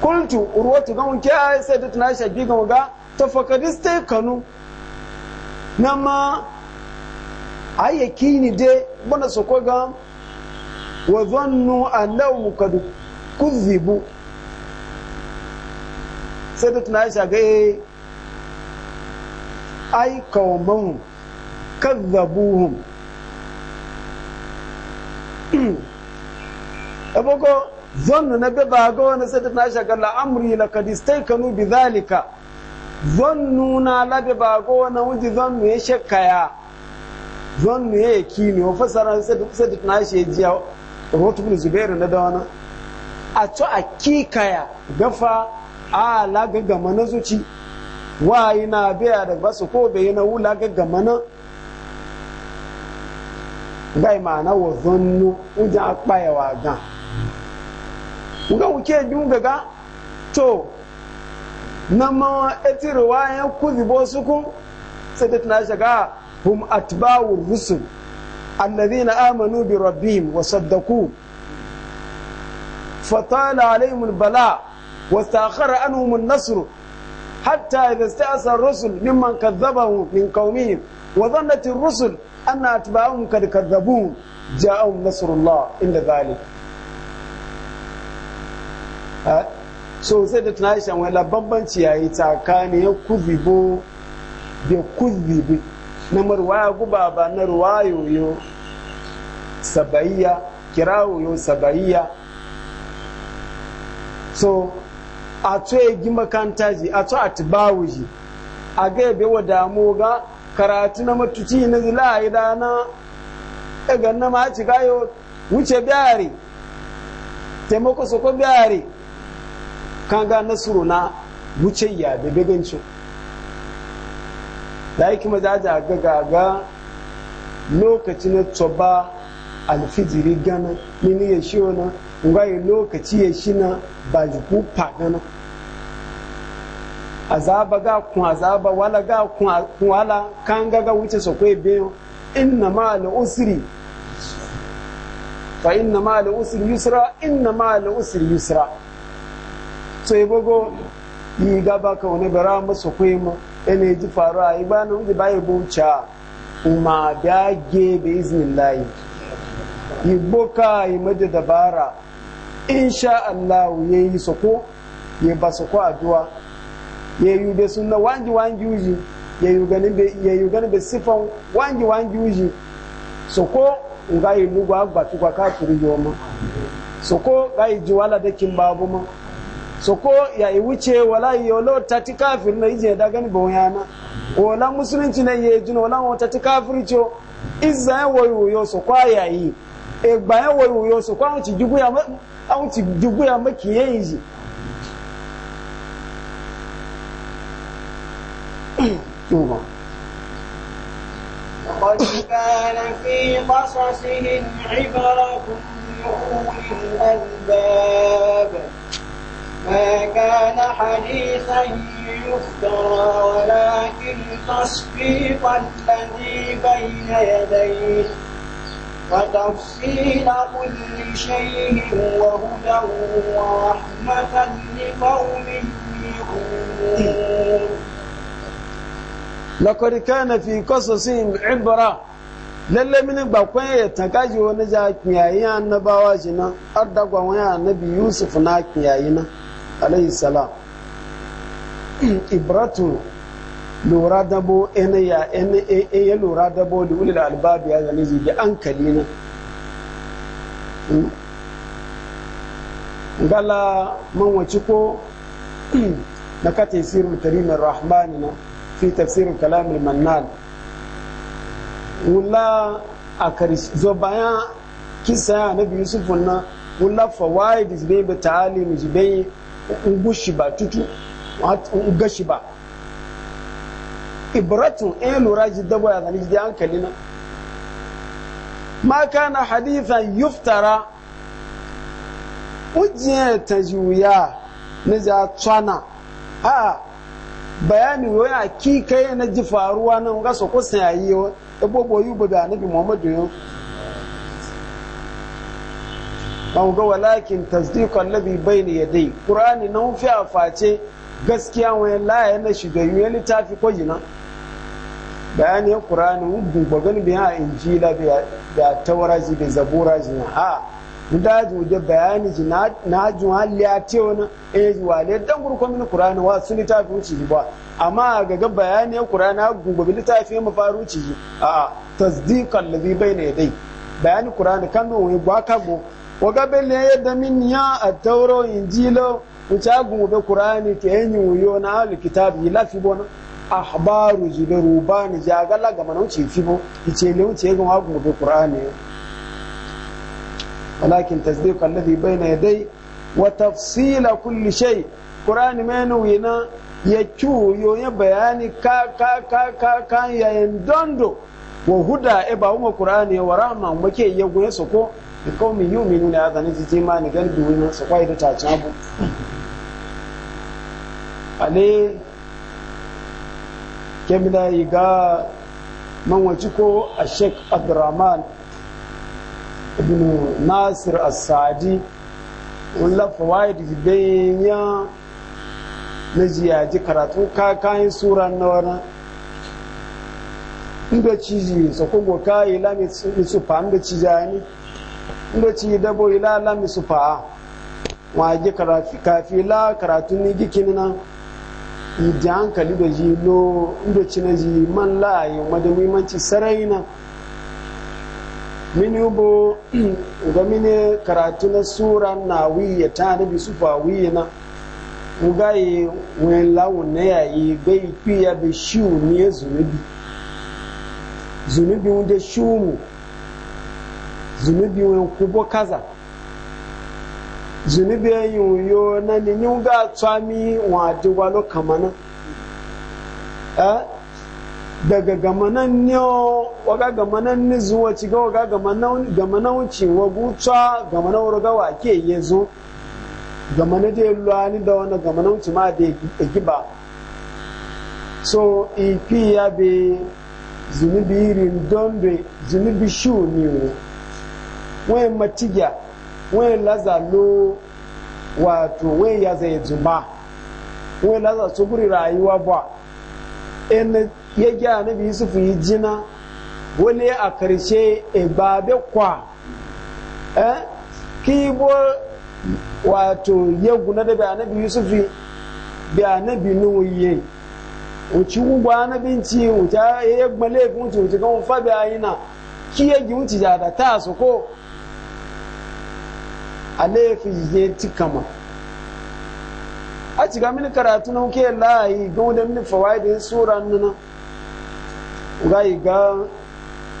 kuntu urwatu ga mun kiya sai da tana bi ga ga tafakadiste kanu nama ayyaki ni dai bana su ko ga wa zannu annahum qad kuzibu sai da tuna aisha ga ai kawman kazzabuhum abogo zannu na ba ga wani sai da tuna aisha ga la laqad istaykanu bi zalika zannu na labe ba ga wani wuji zannu ya shakkaya zannu ya yakini wa fasara sai da tuna aisha ya jiya rotu zubairu na dawana a ci a kikaya gafa a lagagama na zuci wa yi na biya da basu ko bai yi na wu gaggama na gai ma'ana wa zonu wajen akpayawa wa gan nga wuke biyu to na ma eti riwayan kuzi bo ku? sai da tana shiga hum atba'ur rusul الذين آمنوا بربهم وصدقوا فطال عليهم البلاء واستأخر عنهم النصر حتى إذا استأسى الرسل ممن كذبهم من قومهم وظنت الرسل أن أتباعهم قد كذبوهم جاءهم نصر الله إلا ذلك آه، so sai da tunashi wani bambanci yayi tsakanin ya kuzibo da kuzibi na marwaya guba ba na ruwayoyo sabaiya kirawoyo sabayya so a to ya e gi makanta ji a to a tibawu ji a ga yabe e wa damu ga karatu na matuci na zila a yi dana daga e na ma ci gayo wuce biyari taimako soko biyari kan ga nasuru na wuce ya da begancin da yake ma da ga gaga lokaci na tsoba alfijiri gana mini ya shi wani ngayi lokaci ya shi na ba jiku fagana azaba ga kun azaba wala ga kun wala kan gaga wuce su kai biyu inna ma al usri fa ma al yusra inna ma al usri yusra so ibogo yi gaba ka wani bara musu kai ma. ene ji faruwa yi ba nun ba yi buca kuma da gebe izinin layi yi boka yi maji dabara insha Allah ya yi soko ya ba soko addu'a ya yi da suna wangi wangi uji ya yi ganin da sifan wangi wangi uji soko nga yi lugu agba tukwa kafiri yoma soko ga jiwala da kin babu so ko ya yi wuce wala yi yolo ta ti kafin na ije da gani bawon yana wala musulunci na yi jino wala wata ti kafin ce izza ya wayo wuyo so kwa ya yi egba ya wayo wuyo so kwa wuce jugu ya ma maki ya yi ji قد كان في قصصهم عبرة لأولي الألباب ما كان حديثا يفترى ولكن تصديق الذي بين يديه وتفصيل كل شيء وهدى ورحمة لقوم يؤمنون لقد كان في قصصهم عبرة lalle mini ba kwanye ya tagaji wani ja kiyayi annabawa jina har dagwa wani annabi yusuf na kiyayi na alayhi salam ibratu lura dabo ya e, ya lura dabo da ulil albabi ya zane zuge an kalina gala man wace ko na ka tafsirul karim rahman na fi tafsirul kalam mannan wula a karshe zo bayan kisa na biyu yusuf na wula fawaid zbe ta'alim zbe ngushi ba tutu ngashi ba ibratun ɗaya eh, lura ji dabo ya zane ji hankali na ma kana hadithan yuftara ujiye ta juya na ja tsana a bayani wani hakika na ji faruwa nan gasa so ko sayayi wa yi boyu ba da muhammadu yau ga walakin tasdiqan ladhi bayna yadayhi qur'ani nan fi face gaskiya wani la na shiga yi littafi ko jina bayani ya qur'ani mun duba gani bi ha injila da tawraji da zabura jina ha mun da ju da bayani jina na ju haliya te wani eh wale dan gurkon min qur'ani wa su littafi wuce ba amma ga ga bayani ya qur'ani gugu bi littafi mu faru ci a tasdiqan ladhi bayna yadayhi bayani qur'ani kan wani gwa kago waga da yadda min ya a tauro injilo wuce agun bai kurani ke yanyi wuyo na alu kitabu yi lafi bona ahbaru jibe rubani ja gala gama na wuce fibo ice le wuce yagun agun bai kurani walakin tasdiq alladhi bayna yaday wa tafsila kulli shay qur'ani menu yana ya yo ya bayani ka ka ka ka kan ya dondo wa huda e ba mu qur'ani wa rahma muke yagun ya soko da kawai yi na ne su ce mani garbi wani su kwai da tacin abu ale kemina yi ga manwaci ko a sheik abdurrahman ibn nasir asadi wani lafa waye da ya na jiyaji karatu kayan sura na wani inda ciji kayi lamitsu fa inda cijani inda ci dabo ila la mi sufa wa ji karafi kafi la karatu ni gikin na idi hankali da ji lo inda ci na ji man la yi mada man sarai na mini ubo [CLEARS THROAT] ga min karatu na sura na wiya ta nabi sufa wiya na mugaye wani yi na yayi bai fiya bai shiwu ne zunubi wunde da mu. zunubi wen kubo kaza zunubi yin yo na ni ni ga tsami wa diwa lo kamana eh daga gamanan ne waga gamanan ni zuwa ci ga waga gamanan gamanan wuce wa gutsa gamanan wurga wa ke yezo gamanan da yalwa ni da wannan gamanan wuce ma da giba so ipi ya bi zunubi irin dombe zunubi shu ne wen matiga wen laza lo wato wen ya zai zuma wen laza su guri rayuwa ba in ya gya na biyu su fi jina wani a karshe ibabe kwa eh kibo wato ya guna da bai anabi yusufi bai anabi nuwaye uci ugbo anabinci wuta ya gbale gunci wuta kan fa bai ayina ki ya gi wuci da ta su ko alefi je ti kama a ciga mini karatu na ke layi don da mini fawaidin sura nuna ga ga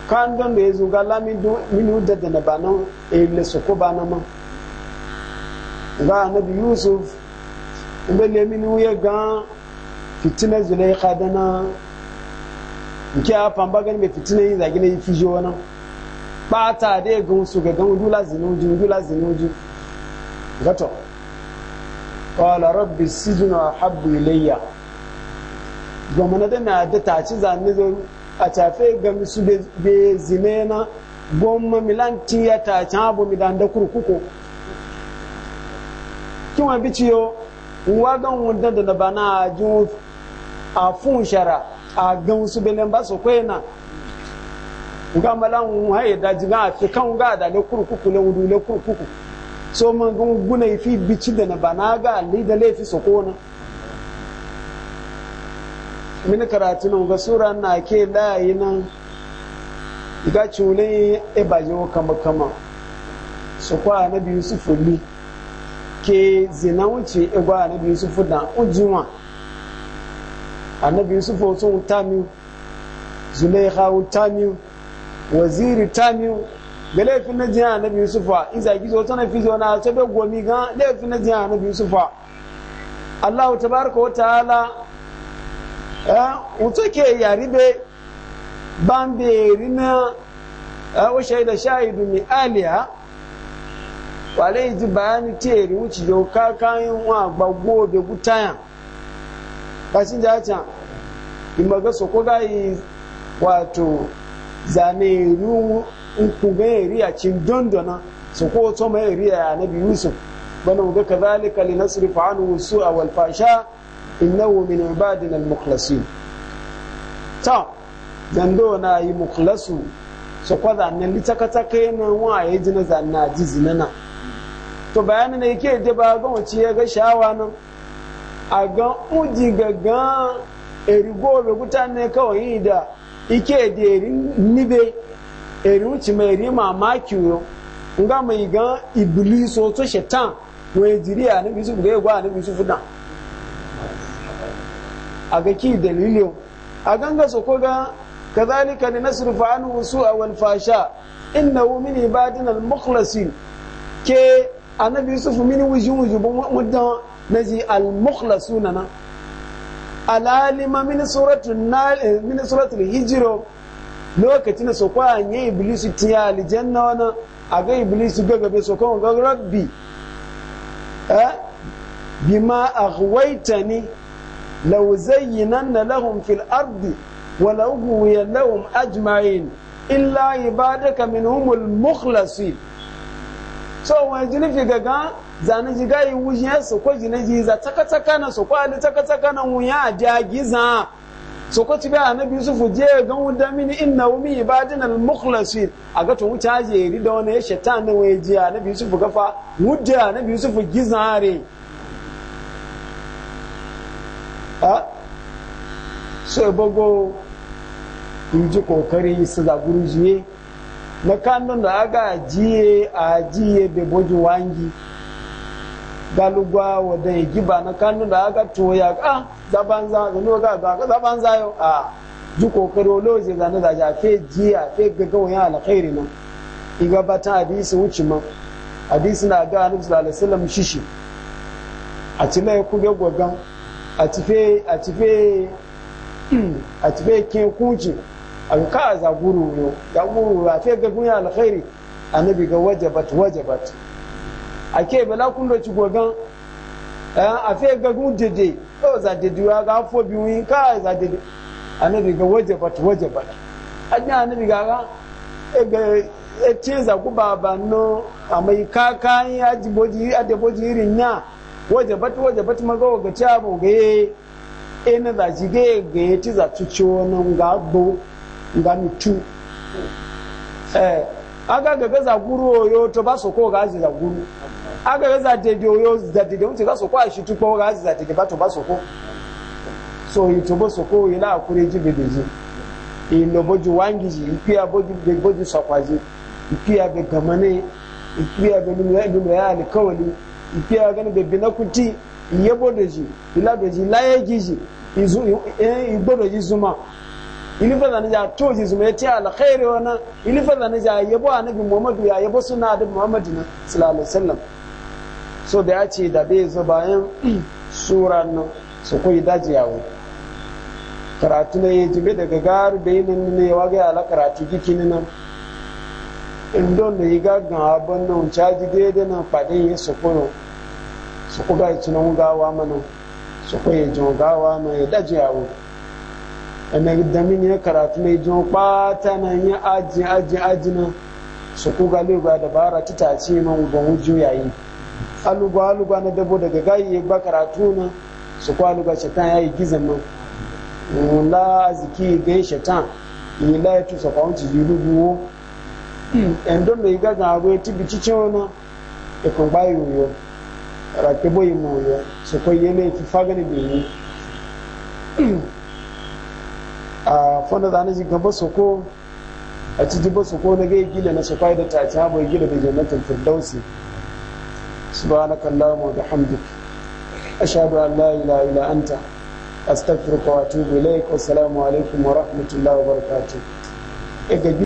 kan don da ya zo ga lami mini da da na banan ele su ko ba na ma ga annabi yusuf ibele mini wuya ga fitina zulaikha dana nke a famba gani mai fitina yin zagi na yi fijo wani ba ta da ya gan su ga gan uju lazini uju uju gato qala rabbi sijnu ahabbu ilayya goma na na da ci zane zo a tafe ga misu be na goma milanti ya ta can abu mi dan da kurkuku bi ciyo wa gan wundan da bana jun a fun shara a gan su belen ba su kwaye na gamalan haye jiga a fi kan ga da kurkuku na wudu na kurkuku so man guna fi bici da na bana ga alli da laifi su kona min karatu nan ga sura na ke layi nan ga cule e bajo kama kama su kwa na biyu su ke zina wuce e gwa na biyu su fudan ujiwa annabi yusuf sun tamiu zulaiha tamiu waziri tamiu ga laifin na jiya na biyu sufa in zagi zo tana fi zona ta bai gomi ga laifin na jiya na biyu sufa Allah ta baraka wa ta'ala eh wuce ke yari be ban na, rina eh, wa shaida shahidu mi aliya wale ji bayani teri wuce yau kakan wa gbagbo be gutaya kashin jacan in maga soko gayi wato zane ruwa kun ya riya cin dondona su ko to mai riya ya nabi yusuf bana ga kadhalika linasrifa anhu su'a wal fasha innahu min ibadina al mukhlasin ta dondona na yi mukhlasu su kwa zannan kai na wa ya ji na zanna ji zinana to bayanin ne yake da ba ga ya ga shawa nan a ga uji gaga erigo gobe gutan ne kawai da ike da nibe eri wuce mai yo nga mai ga iblis wato jiri a ga gwa nabi su fudan a ga ki dalilin a ganga su ko ga kazalika da nasrufa anhu su'a wal fasha innahu min ibadina al mukhlasin ke annabi yusuf mini wujin wujubin mudan na ji al-mukhlasu na nan alalima min suratul eh, hijiro lokacin da su kwanye iblisu tiya aljanna wani a ga iblisu gagabe su kwan ga rabbi eh bima aghwaytani law zayyinanna lahum fil ardi wa law lahum ajma'in illa ibadaka minhumul mukhlasin so wani jini fi gaga zane ji gayi wujiyar su ko jini ji za taka na su kwali taka na wuya a jagiza so ko ci ga annabi yusuf je ga wanda mini inna umi ibadin al mukhlasin aga to mu caje ri da wani shaitan ne waye je annabi yusuf ga fa annabi yusuf gizare a so bago inji kokari su da gurjiye na kanun da aga jiye a jiye da boji wangi galugwa wadda ya giba na kanu da aka toya ka zaban za a no ga ga zaban za yau a ji kokoro loje ga na ja fe jiya fe gaga wani alkhairi nan iga ta hadisi wuce ma hadisi na ga annabi sallallahu alaihi wasallam shishi a ci mai ku ga gogan a ci fe a ci fe a [CLEARS THROAT] ci fe ke kunji a ka za guru yo da guru a fe gaga wani alkhairi annabi ga wajabat wajabat ake bala kun do ci gogan eh, a fe gagun dede yau za dede wa ga fo bi wi ka za dede annabi ga wajabat wajabat anya annabi ga ga e ga e ce za ku baba no amai kaka ya ji boji a da boji irin ya waje bata maga ga ci abu ga ye e na za ji eh, ga ga ya ci za ci ci wannan ga do ga mutu eh aga ga ga za guru oyo to ba so ko ga ji za guru aga za dede oyo za dede mutu ga soko a shi tukpo ga za dede ba to ba soko so yi to bo soko yi na kure ji bebe ji yi no boju wangi ji ipi a boju be boju sakwa ji ipi be gamane ipi a be numra ya alikawali ipi a gani be binakuti iye bodo ji ila be ji laye ji ji igbodo ji zuma ilifadha ni ja toji zumetia la khairi wana ilifadha ni ja yebo anabi muhammadu ya yebo sunna adabi muhammadu sallallahu alaihi wasallam so da ya ce da bai zo bayan sura nan su kuyi dajiyawo karatu na yi jibe daga gari da yinin nuna yawa ga ala karatu gikini nan in don da yi gaggan abin nan caji daidai nan fadin yi su kuyo su kuga yi cinan gawa mana su kuyi jin gawa mai dajiyawo ana da mini ya karatu mai jin kwata na ya aji aji aji nan su kuga lagos dabara ta man alugwa alugwa na dabo daga gayi ya ba karatu na su kwa shatan ya yi gizan nan mm, la ziki gai shatan yi la ya tusa kwanci yi rubu wo yan mm, don da yi gaza abu ya tibi cice wani ya kan bayi wuyo rake boyi ma wuyo su kwa yi laifi fagani da yi mm. a fana zane ji gaba soko a ciji ji ba soko na gai gila na su kwa da ta ci haɓar gila da jannatin firdausi subhanaka allahumma wa bihamdik ashhadu an la ilaha illa anta astaghfiruka wa alaikum wa rahmatullahi